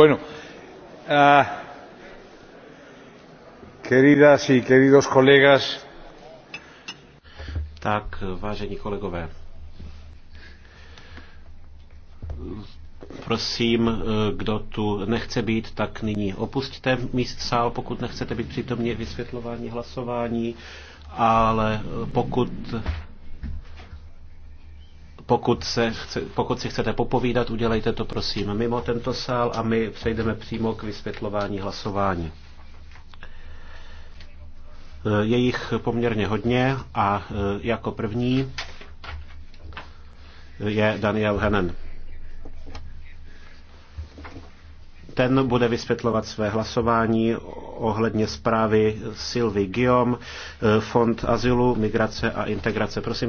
Bueno, uh, queridas y queridos colegas. Tak, vážení kolegové. Prosím, eh, kdo tu nechce být, tak nyní opustíte míst sál, pokud nechcete být přítomně vysvětlování hlasování, ale eh, pokud pokud, se, pokud si chcete popovídat, udělejte to prosím mimo tento sál a my přejdeme přímo k vysvětlování hlasování. E, je jich poměrně hodně a e, jako první je Daniel Henen. ten bude vysvětlovat své hlasování ohledně zprávy Sylvie Guillaume, e, Fond azylu, migrace a integrace. Prosím.